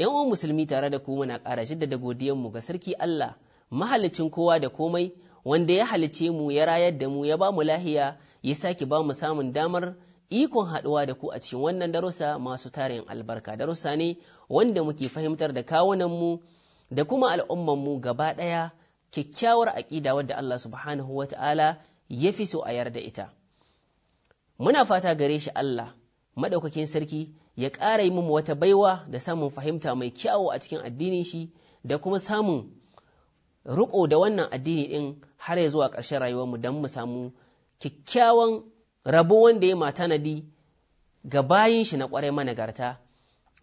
‘yan uwan musulmi tare da ku muna ƙara jaddada godiyanmu ga sarki Allah, mahalicin kowa da komai, wanda ya halice mu ya rayar da mu ya ba mu lahiya ya sake ba mu samun damar ikon haɗuwa da ku a cikin wannan darussa masu tarin albarka darussa ne wanda muke fahimtar da kawunanmu da kuma mu gaba ɗaya kyakkyawar aƙida wadda Allah subhanahu wa ta'ala ya fi so a yarda ita. Muna fata gare shi Allah, madaukakin sarki ya ƙara yi mu wata baiwa da samun fahimta mai kyawo a cikin addinin shi da kuma samun riƙo da wannan addini ɗin har ya zuwa ƙarshen mu don mu samu kyakkyawan rabo wanda ya matanadi ga bayin shi na ƙwarai managarta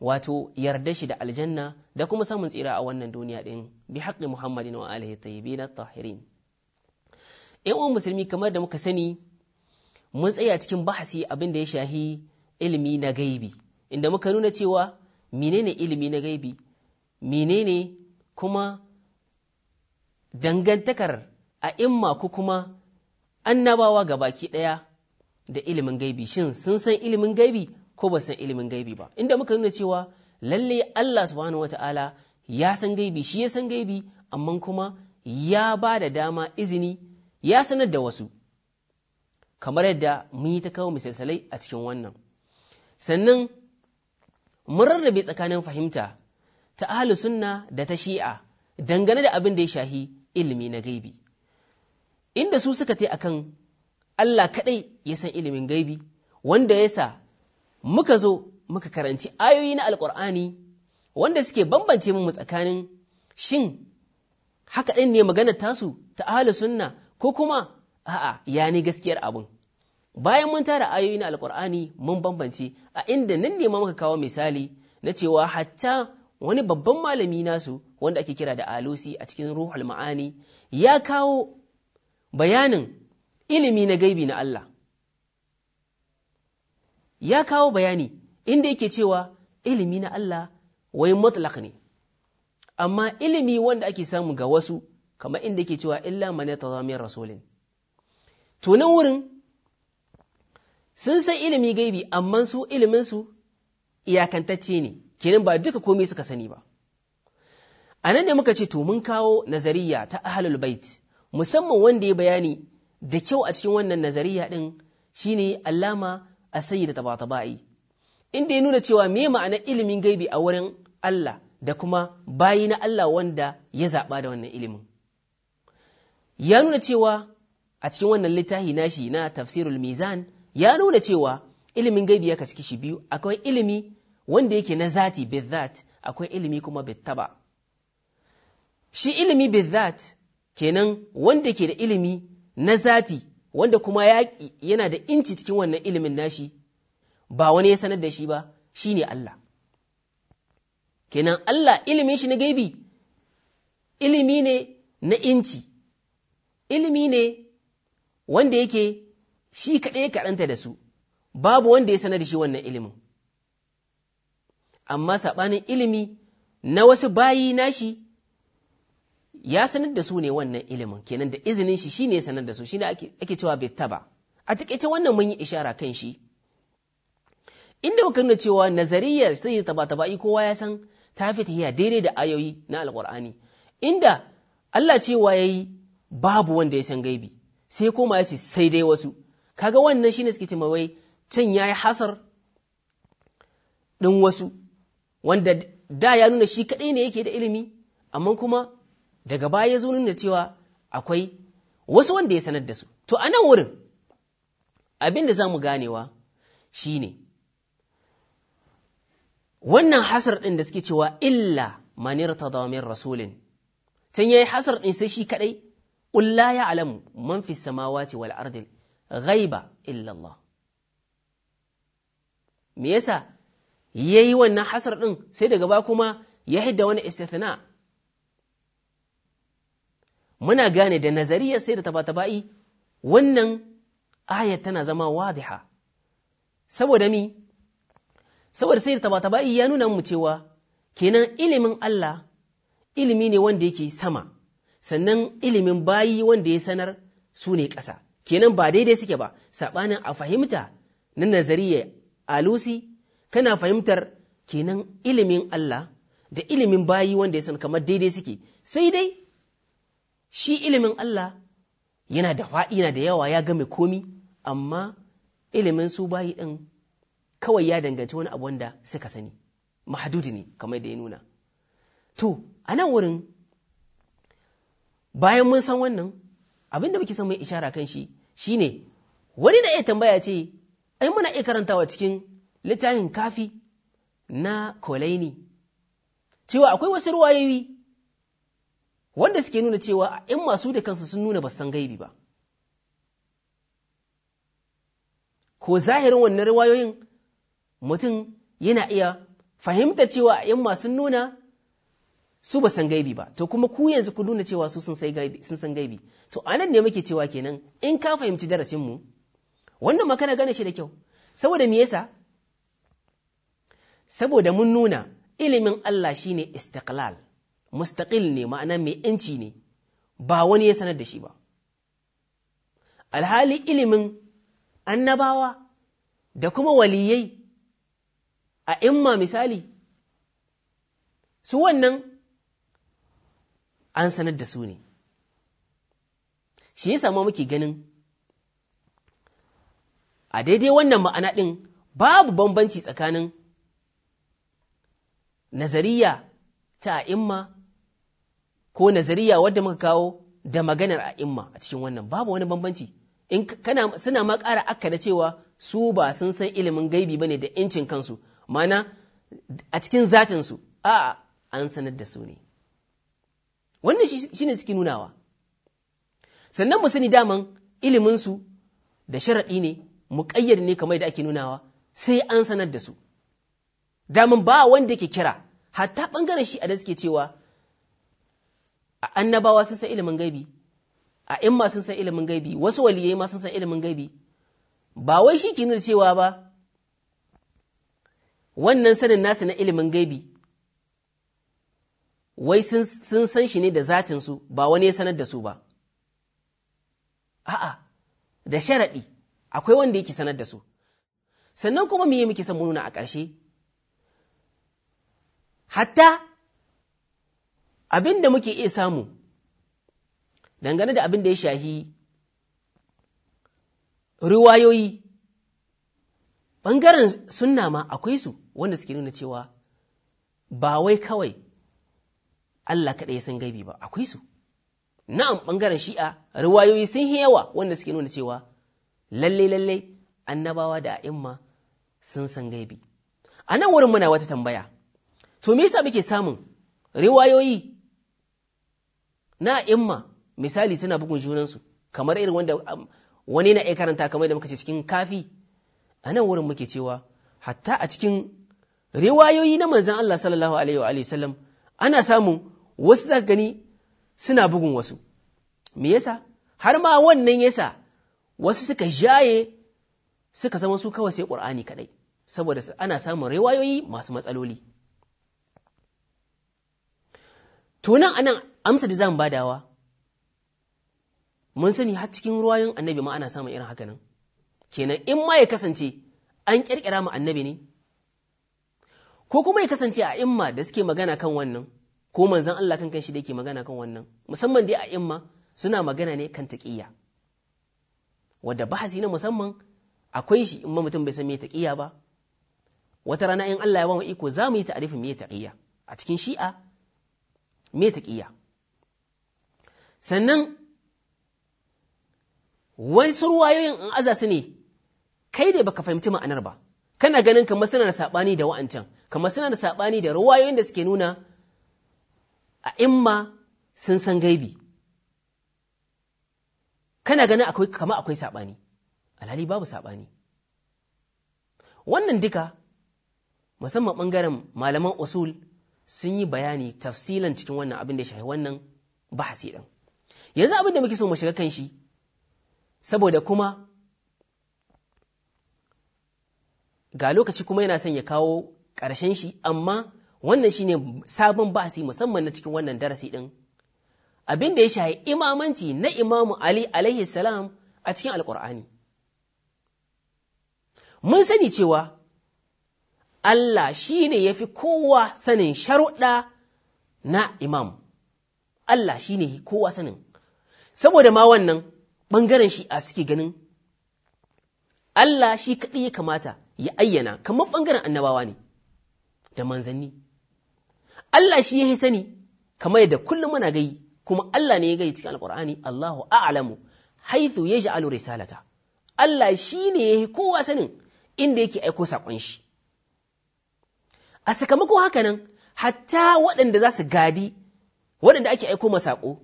wato yarda shi da aljanna da kuma samun tsira a wannan duniya ɗin bi haƙƙi muhammadin wa alihi na tahirin ƴan uwan musulmi kamar da muka sani mun tsaya cikin bahasi abin da ya shahi ilimi na gaibi inda muka nuna cewa menene ilimi na gaibi menene kuma dangantakar a imma ku kuma annabawa ga baki ɗaya da ilimin gaibi shin sun san ilimin gaibi ko ba san ilimin gaibi ba inda muka nuna cewa lalle Allah subhanahu wata'ala ya san gaibi shi ya san gaibi amma kuma ya ba da dama izini ya sanar da wasu kamar yadda mun yi ta kawo misalai a cikin wannan sannan mun rarrabe tsakanin fahimta ta ahli sunna da ta shi'a dangane da abin da ya shahi ilimi na gaibi inda su suka tai akan Allah kaɗai ya san ilimin gaibi wanda ya sa muka zo muka karanci ayoyi na alƙur'ani wanda suke bambance mu tsakanin shin haka ɗin ne magana tasu ta ahli sunna ko kuma a'a ya ni gaskiyar abin bayan mun tara ayoyi na alkur'ani mun bambance a inda nan ne ma muka kawo misali na cewa hatta wani babban malami nasu wanda ake kira da alusi a cikin ruhul ma'ani ya kawo bayanin ilimi na gaibi na Allah ya kawo bayani inda yake cewa ilimi na Allah wai mutlaq ne amma ilimi wanda ake samu ga wasu kamar inda yake cewa illa man yatazamir rasulin to nan wurin sun san ilimi gaibi amma su iliminsu iyakantacce ne kenan ba duka komai suka sani ba a nan ne muka ce to mun kawo nazariya ta ahlul bait musamman wanda ya bayani da kyau a cikin wannan nazariya din shine allama asayi da tabatabai inda ya nuna cewa me ma'anar ilimin gaibi a wurin Allah da kuma bayi na Allah wanda ya zaɓa da wannan ilimin ya nuna cewa a cikin wannan littafi nashi na tafsirul mizan ya nuna cewa ilimin gaibi ya kaski shi biyu akwai ilimi wanda yake na zati bizat akwai ilimi kuma bittaba shi ilimi bizat kenan wanda ke da ilimi na zati wanda kuma yana da inci cikin wannan ilimin nashi ba wani ya sanar da shi ba shi ne Allah kenan Allah ilimin shi na gaibi ilimi ne na inci ilimi ne wanda yake shi kaɗai ya karanta da su babu wanda ya sanar da shi wannan ilimin amma saɓanin ilimi na wasu bayi nashi ya sanar da su ne wannan ilimin kenan da izinin shi shi shine sanar da su ne ake cewa bai taba a takaice wannan mun yi ishara kan shi inda muka nuna cewa nazariyar sai ta taba kowa ya san ta fitiya daidai da ayoyi na Alƙur'ani. inda Allah cewa ya yi babu wanda ya san gaibi sai koma ya ce sai dai wasu kaga wannan shine suke cewa wai can yayi hasar ɗin wasu wanda da ya nuna shi kaɗai ne yake da ilimi amma kuma daga baya ya zo nuna cewa akwai wasu wanda ya sanar da su to a nan wurin abin da za mu ganewa shi ne wannan hasar ɗin da suke cewa illa manir ta rasulin can yayi hasar ɗin sai shi kaɗai ƙulla ya alamu man fi samawati wal ardil ghaiba illallah me yasa yayi wannan hasar din sai daga ba kuma ya hidda wani istithna muna gane da nazariyar sai da taba wannan ayat tana zama wadiha saboda mi saboda sai da tabataba'i ya nuna mu cewa kenan ilimin Allah ilimi ne wanda yake sama sannan ilimin bayi wanda ya sanar su ne ƙasa kenan ba daidai suke ba saɓanin a fahimta na nazariya alusi kana fahimtar kenan ilimin Allah da ilimin bayi wanda ya san kamar daidai suke sai dai shi ilimin Allah yana da faɗi na da yawa ya game komi amma ilimin su bayi ɗin kawai ya danganci wani abu wanda suka sani mahadudi ne kamar da ya nuna to a nan wurin bayan mun san wannan abin da muke son mai ishara kan shi shine wani da ya tambaya ce ai muna iya karantawa cikin littafin kafi na kolaini cewa akwai wasu ruwayoyi wanda suke nuna cewa in masu da kansu sun nuna basan gaibi ba ko zahirin wannan ruwayoyin mutum yana iya fahimta cewa in masu nuna su ba san gaibi ba to kuma ku yanzu ku nuna cewa su sun san gaibi to anan ne muke cewa kenan in ka fahimci darasin mu wannan makana gane shi da kyau saboda me yasa saboda mun nuna ilimin Allah shine istiqlal mustaqil ne ma'ana mai inci ne ba wani ya sanar da shi ba alhali ilimin annabawa da kuma waliyai a imma misali su wannan an sanar da su ne shi yasa ma muke ganin a daidai wannan ma'ana ɗin babu bambanci tsakanin nazariya ta a'imma ko nazariya wadda muka kawo da maganar a'imma a cikin wannan babu wani bambanci in kana suna ma ƙara akkada cewa su ba sun san ilimin gaibi ba ne da incin kansu mana a cikin zatinsu A'a an sanar da su ne wannan shi ne suke nunawa sannan mu sani daman iliminsu da sharaɗi ne mu kayyade ne kamar da ake nunawa sai an sanar da su daman ba wanda ke kira hatta bangaren shi a da suke cewa a annabawa sun san ilimin gaibi a ma sun san ilimin gaibi wasu waliyai ma sun san ilimin gaibi ba wai shi ke nuna cewa ba wannan sanin nasu na ilimin gaibi wai sun san shi ne da zatinsu ba wani ya sanar da su ba a'a da sharaɗi akwai wanda yake sanar da su sannan kuma me muke son nuna a ƙarshe hatta abin da muke iya samu dangane da abin da ya shahi riwayoyi ɓangaren sunna ma akwai su wanda suke nuna cewa ba wai kawai Allah kaɗai ya san gaibi ba akwai su na'am ɓangaren shi'a riwayoyi sun yi yawa wanda suke nuna cewa lalle lalle annabawa da a'imma sun san gaibi a nan wurin muna wata tambaya to me yasa muke samun riwayoyi na a'imma misali suna bugun junansu kamar irin wanda um, wani na karanta kamar da muka ce cikin kafi a nan wurin muke cewa hatta a cikin riwayoyi na manzan Allah sallallahu alaihi wa sallam ana samun wasu za gani suna bugun wasu me yasa har ma wannan yasa wasu suka jaye suka zama su kawai sai ƙur'ani kaɗai saboda ana samun rewayoyi masu matsaloli to nan anan amsa da zan badawa mun sani har cikin ruwayoyin annabi ma ana samun irin haka nan kenan in ma ya kasance an ƙirƙira mu annabi ne ko kuma ya kasance a imma da suke magana kan wannan ko manzan Allah kan kanshi da yake magana kan wannan musamman dai a imma suna magana ne kan taqiyya wadda bahasi na musamman akwai shi in mutum bai san me taqiyya ba wata rana in Allah ya ba iko za mu yi ta'arifin me taqiyya a cikin shi'a me taqiyya sannan wai surwayoyin in aza su ne kai ne baka fahimci ma'anar ba kana ganin kamar suna da saɓani da wa'ancan kamar suna da saɓani da ruwayoyin da suke nuna a imma sun san gaibi kana ganin akwai kama akwai saɓani alhali babu saɓani wannan duka musamman ɓangaren malaman usul sun yi bayani tafsilan cikin wannan abin da ya shafi wannan bahasi ɗin yanzu abin da muke so mu shiga kan shi saboda kuma ga lokaci kuma yana son ya kawo ƙarshen shi amma wannan shine sabon basi musamman na cikin wannan darasi din abin da ya shahi imamanci na imamu ali alaihi salam a cikin alkur'ani mun sani cewa Allah shine yafi kowa sanin sharuɗa na imam Allah shi kowa sanin saboda ma wannan ɓangaren shi a suke ganin Allah shi kaɗai ya kamata ya ayyana kamar ɓangaren annabawa ne da manzanni Allah shi ya yi sani kamar yadda kullum muna gai kuma Allah ne ya gai cikin alkur'ani Allahu a'lamu haithu yaj'alu risalata Allah shi ne ya kowa sanin inda yake aiko sakon shi a sakamako haka nan hatta waɗanda za su gadi waɗanda ake aiko masako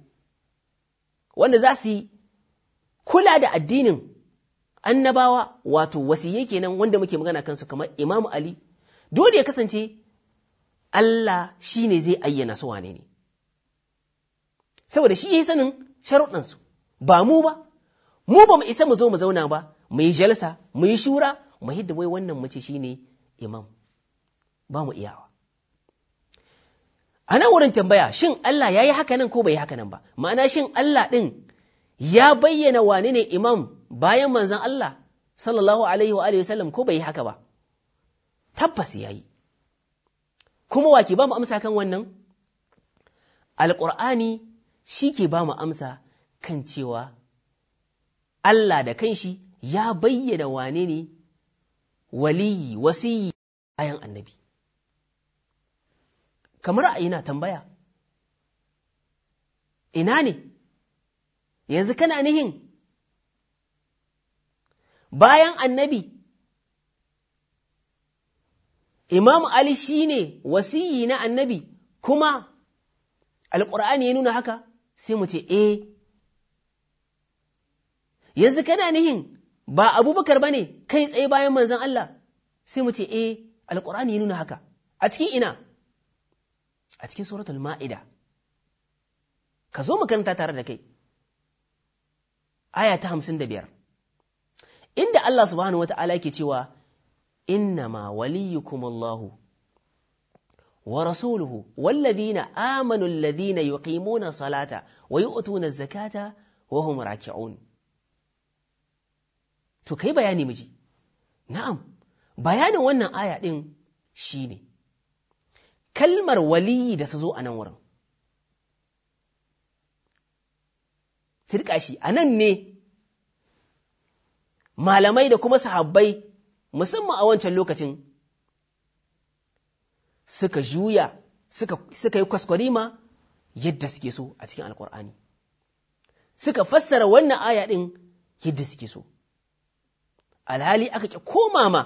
wanda za su yi kula da addinin annabawa wato wasiyye kenan wanda muke magana kansu kamar imamu Ali dole ya kasance Allah shi ne zai ayyana su wane ne, saboda shi yi sanin sharuɗansu, ba mu ba, mu ba mu isa mu zo mu zauna ba, mu yi jalsa, mu yi shura, mu hidda wai wannan mace shi ne imam, ba mu iyawa. A nan wurin tambaya, shin Allah ya yi haka nan ko bai yi haka nan ba, ma'ana shin Allah ɗin ya bayyana wane ne imam bayan manzan Allah, sallallahu alaihi wa sallam ko bai yi haka ba, tabbas ya yi. kuma wa ke ba mu amsa kan wannan alƙur'ani shi ke ba mu amsa kan cewa Allah da kanshi ya bayyana wane ne waliyi wasiyi bayan annabi kamar a ina tambaya ina ne yanzu kana nihin bayan annabi Imam Ali shi ne wasiyi na annabi kuma alƙur'ani ya nuna haka sai mu ce e, yanzu kana nihin ba abubakar ba ne kai tsaye bayan manzan Allah sai mu ce eh alƙur'ani ya nuna haka a cikin ina a cikin suratul ma'ida ka zo makaranta tare da kai aya ta hamsin da biyar inda Allah subhanahu wa ta'ala yake cewa إنما وليكم الله ورسوله والذين آمنوا الذين يقيمون الصلاة ويؤتون الزكاة وهم راكعون to kai bayani miji na'am bayanin wannan aya ɗin shi ne kalmar waliyi da ta zo a nan wurin tirka shi a nan ne malamai da kuma sahabbai musamman a wancan lokacin suka juya suka yi kwaskwarima yadda suke so a cikin alkur'ani suka fassara wannan aya ɗin yadda suke so alhali aka ƙi koma ma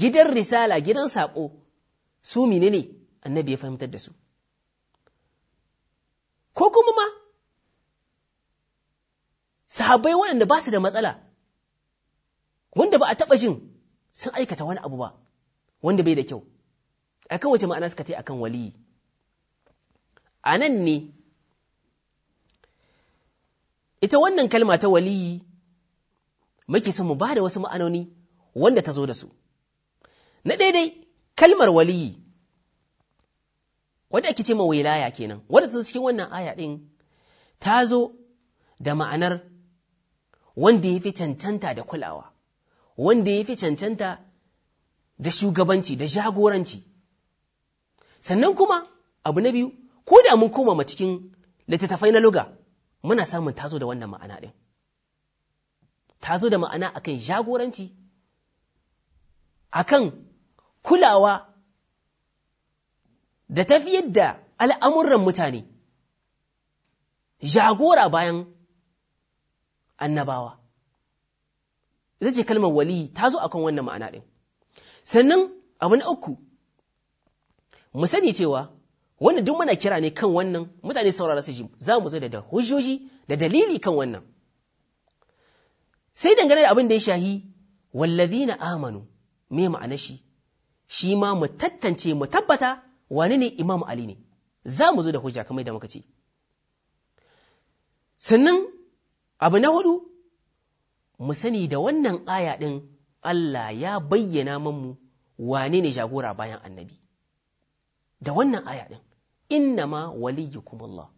gidan risala gidan saƙo su menene annabi ya fahimtar da su ko kuma ma sahabbai waɗanda ba su da matsala wanda ba a taɓa jin sun aikata wani abu ba wanda bai da kyau a kan wace ma'ana suka a akan waliyi a nan ne ita wannan kalma ta waliyi muke son mu ba da wasu ma'anoni wanda ta zo da su na daidai kalmar waliyi wadda ake ce ma wilaya kenan wadda ta zo cikin wannan aya ɗin ta zo da ma'anar wanda ya fi cancanta da kulawa wanda ya fi cancanta da shugabanci da jagoranci sannan kuma abu na biyu ko da mun koma ma cikin littattafai na luga muna samun tazo da wannan ma'ana ɗin tazo da ma'ana akan jagoranci akan kulawa da tafiyar da al'amuran mutane jagora bayan annabawa ita ce kalmar wali ta zo akan wannan ma'ana ɗin sannan abu na uku mu sani cewa wannan duk muna kira ne kan wannan mutane saurara su ji za mu zo da hujjoji da dalili kan wannan sai dangane da abin da ya shahi wallazina amanu me ma'ana shi shi ma mu tattance mu tabbata wane ne Imam Ali ne za mu zo da hujja kamar da muka ce sannan abu na hudu mu sani da wannan aya ɗin Allah ya bayyana manmu, wane ne jagora bayan annabi da wannan aya ɗin inna ma waliyukum Allah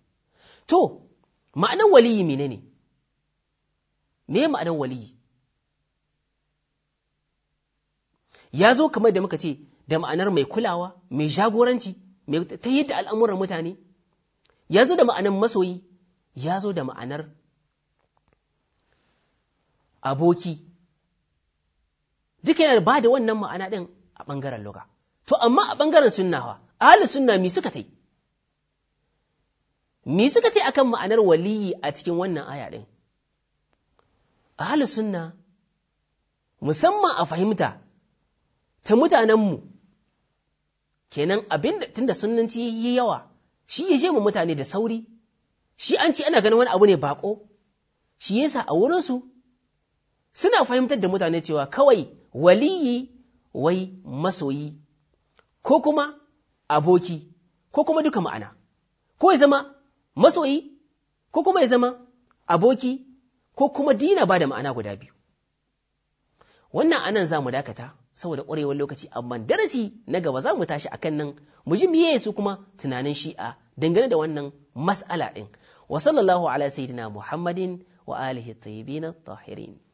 to ma'anar waliyi mene ne me ma'anar waliyi ya zo kamar da muka ce da ma'anar mai kulawa mai jagoranci mai ta da al'amuran mutane ya zo da ma'anar masoyi ya zo da ma'anar aboki duka yana ba da wannan ma'ana ɗin a ɓangaren luga to amma a ɓangaren sunnawa ahalin sunna mi suka tai mi suka tai akan ma'anar waliyi a cikin wannan aya ɗin ahli sunna musamman a fahimta ta mutanenmu kenan abin da tunda sunnanci yi yawa shi ya je mu mutane da sauri shi an ce ana ganin wani abu ne bako shi yasa a wurinsu suna fahimtar da mutane cewa kawai waliyi wai masoyi ko kuma aboki ko kuma duka ma'ana ko ya zama masoyi ko kuma ya zama aboki ko kuma dina ba da ma'ana guda biyu wannan anan za mu dakata saboda ƙwarewar lokaci amma darasi na gaba za mu tashi akan nan mu ji miye su kuma tunanin shi'a dangane da wannan mas'ala ɗin wa sallallahu ala sayyidina muhammadin wa alihi tayyibin tahirin